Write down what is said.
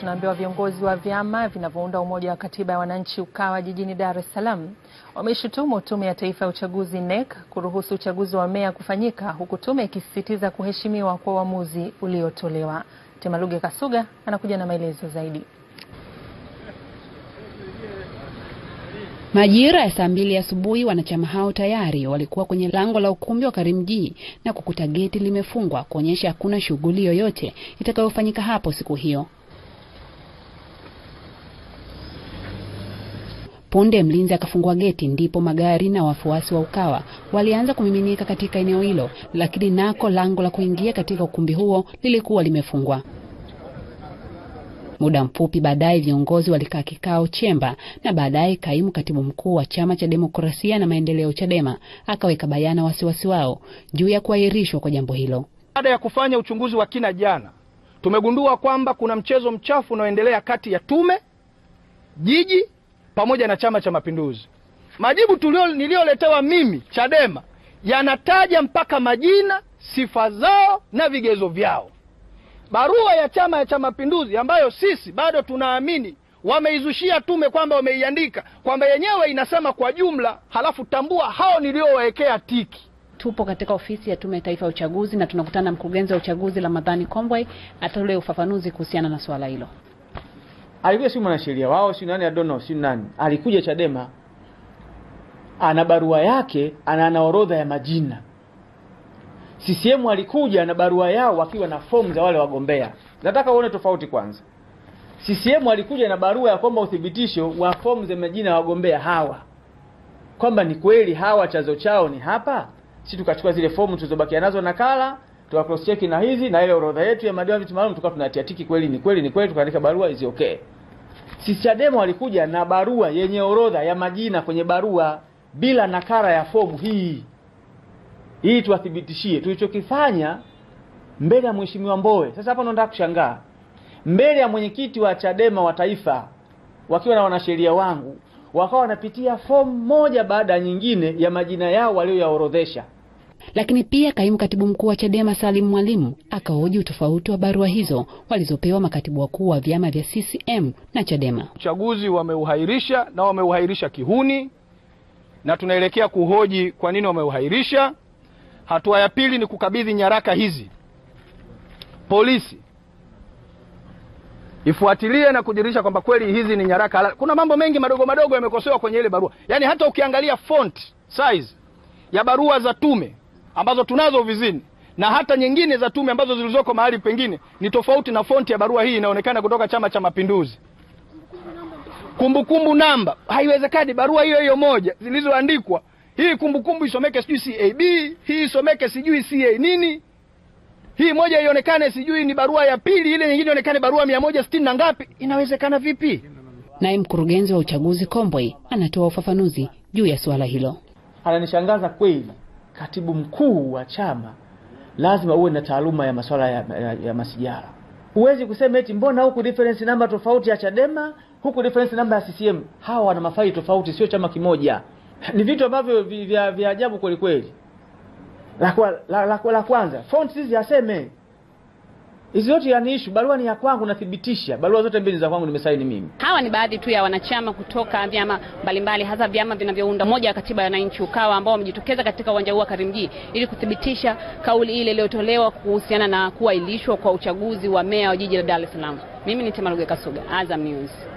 tunaambiwa viongozi wa vyama vinavyounda umoja wa katiba ya wananchi UKAWA jijini Dar es Salaam wameshutumu Tume ya Taifa ya Uchaguzi NEC kuruhusu uchaguzi wa meya kufanyika huku tume ikisisitiza kuheshimiwa kwa uamuzi uliotolewa. Temaluge Kasuga anakuja na maelezo zaidi. Majira ya saa mbili asubuhi wanachama hao tayari walikuwa kwenye lango la ukumbi wa Karimjee na kukuta geti limefungwa kuonyesha hakuna shughuli yoyote itakayofanyika hapo siku hiyo. Punde mlinzi akafungua geti, ndipo magari na wafuasi wa Ukawa walianza kumiminika katika eneo hilo, lakini nako lango la kuingia katika ukumbi huo lilikuwa limefungwa. Muda mfupi baadaye viongozi walikaa kikao chemba, na baadaye kaimu katibu mkuu wa chama cha demokrasia na maendeleo CHADEMA akaweka bayana wasiwasi wao juu ya kuahirishwa kwa jambo hilo. Baada ya kufanya uchunguzi wa kina jana, tumegundua kwamba kuna mchezo mchafu unaoendelea kati ya tume, jiji pamoja na Chama cha Mapinduzi. Majibu niliyoletewa mimi Chadema yanataja mpaka majina, sifa zao na vigezo vyao. Barua ya Chama cha Mapinduzi ambayo sisi bado tunaamini wameizushia tume kwamba wameiandika kwamba yenyewe inasema kwa jumla, halafu tambua hao niliowawekea tiki. Tupo katika ofisi ya Tume ya Taifa ya Uchaguzi na tunakutana na mkurugenzi wa uchaguzi Ramadhani Kombwe, atatoa ufafanuzi kuhusiana na suala hilo alikuja si mwanasheria wao si nani adono si nani, alikuja Chadema, ana barua yake, ana ana orodha ya majina. CCM alikuja na barua yao wakiwa na fomu za wale wagombea. Nataka uone tofauti kwanza. CCM alikuja na barua ya kwamba uthibitisho wa fomu za majina ya wagombea hawa kwamba ni kweli hawa chazo chao ni hapa, si tukachukua zile fomu tulizobakia nazo nakala tuka cross check na hizi na ile orodha yetu ya madiwani viti maalum, tukawa tunatia tiki, kweli ni kweli ni kweli, tukaandika barua hizi okay. Si Chadema walikuja na barua yenye orodha ya majina kwenye barua bila nakara ya fomu hii hii, tuwathibitishie tulichokifanya mbele ya mheshimiwa Mbowe. Sasa hapa ndo nataka kushangaa, mbele ya mwenyekiti wa Chadema wa taifa, wakiwa na wanasheria wangu, wakawa wanapitia fomu moja baada ya nyingine ya majina yao walioyaorodhesha. Lakini pia kaimu katibu mkuu wa Chadema Salim Mwalimu akahoji utofauti wa barua hizo walizopewa makatibu wakuu wa vyama vya CCM na Chadema. Uchaguzi wameuhairisha na wameuhairisha kihuni, na tunaelekea kuhoji kwa nini wameuhairisha. Hatua ya pili ni kukabidhi nyaraka hizi polisi ifuatilie na kujiridhisha kwamba kweli hizi ni nyaraka halali. Kuna mambo mengi madogo madogo yamekosewa kwenye ile barua, yaani hata ukiangalia font size ya barua za tume ambazo tunazo ofisini na hata nyingine za tume ambazo zilizoko mahali pengine ni tofauti na fonti ya barua hii inaonekana kutoka Chama cha Mapinduzi. Kumbukumbu namba, haiwezekani barua hiyo hiyo moja zilizoandikwa hii kumbukumbu isomeke sijui CAB, hii isomeke sijui CA nini, hii moja ionekane sijui ni barua ya pili, ile nyingine ionekane barua mia moja sitini na ngapi. Inawezekana vipi? Naye mkurugenzi wa uchaguzi Kombwe anatoa ufafanuzi juu ya suala hilo. Ananishangaza kweli katibu mkuu wa chama lazima uwe na taaluma ya masuala ya, ya, ya masijara. Huwezi kusema eti mbona huku reference namba tofauti ya Chadema, huku reference namba ya CCM. Hawa wana mafaili tofauti, sio chama kimoja. Ni vitu ambavyo vya ajabu kweli kweli. La, la, la, la, la kwanza font hizi aseme Hizi yote yaniishu, barua ni ya kwangu, nathibitisha barua zote mbili za kwangu, nimesaini mimi. Hawa ni baadhi tu ya wanachama kutoka vyama mbalimbali, hasa vyama vinavyounda moja ya katiba ya wananchi Ukawa, ambao wamejitokeza katika uwanja huu wa Karimjee ili kuthibitisha kauli ile iliyotolewa kuhusiana na kuwailishwa kwa uchaguzi wa meya wa jiji la Dar es Salaam. Mimi ni temaruge Kasuga, Azam News.